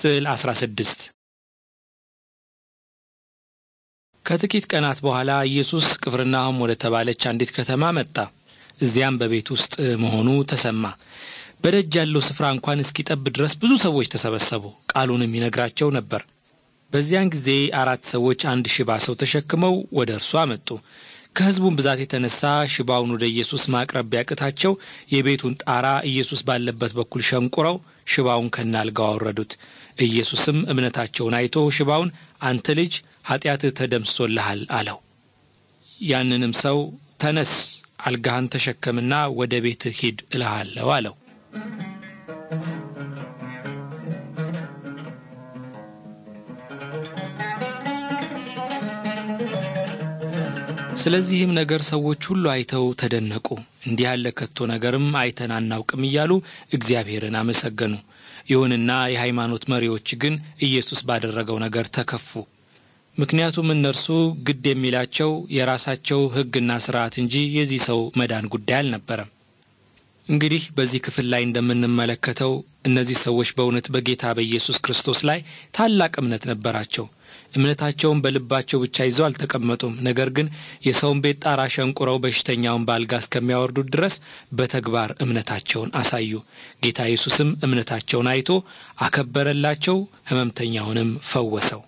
ስዕል 16 ከጥቂት ቀናት በኋላ ኢየሱስ ቅፍርናሆም ወደ ተባለች አንዲት ከተማ መጣ። እዚያም በቤት ውስጥ መሆኑ ተሰማ። በደጅ ያለው ስፍራ እንኳን እስኪጠብ ድረስ ብዙ ሰዎች ተሰበሰቡ። ቃሉንም ይነግራቸው ነበር። በዚያን ጊዜ አራት ሰዎች አንድ ሽባ ሰው ተሸክመው ወደ እርሱ አመጡ። ከህዝቡን ብዛት የተነሳ ሽባውን ወደ ኢየሱስ ማቅረብ ቢያቅታቸው የቤቱን ጣራ ኢየሱስ ባለበት በኩል ሸንቁረው ሽባውን ከናልጋው አወረዱት። ኢየሱስም እምነታቸውን አይቶ ሽባውን አንተ ልጅ ኃጢአትህ ተደምስሶልሃል አለው። ያንንም ሰው ተነስ፣ አልጋህን ተሸከምና ወደ ቤትህ ሂድ እልሃለሁ አለው። ስለዚህም ነገር ሰዎች ሁሉ አይተው ተደነቁ። እንዲህ ያለ ከቶ ነገርም አይተን አናውቅም እያሉ እግዚአብሔርን አመሰገኑ። ይሁንና የሃይማኖት መሪዎች ግን ኢየሱስ ባደረገው ነገር ተከፉ። ምክንያቱም እነርሱ ግድ የሚላቸው የራሳቸው ሕግና ስርዓት እንጂ የዚህ ሰው መዳን ጉዳይ አልነበረም። እንግዲህ በዚህ ክፍል ላይ እንደምንመለከተው እነዚህ ሰዎች በእውነት በጌታ በኢየሱስ ክርስቶስ ላይ ታላቅ እምነት ነበራቸው። እምነታቸውን በልባቸው ብቻ ይዘው አልተቀመጡም። ነገር ግን የሰውን ቤት ጣራ ሸንቁረው በሽተኛውን በአልጋ እስከሚያወርዱት ድረስ በተግባር እምነታቸውን አሳዩ። ጌታ ኢየሱስም እምነታቸውን አይቶ አከበረላቸው፣ ሕመምተኛውንም ፈወሰው።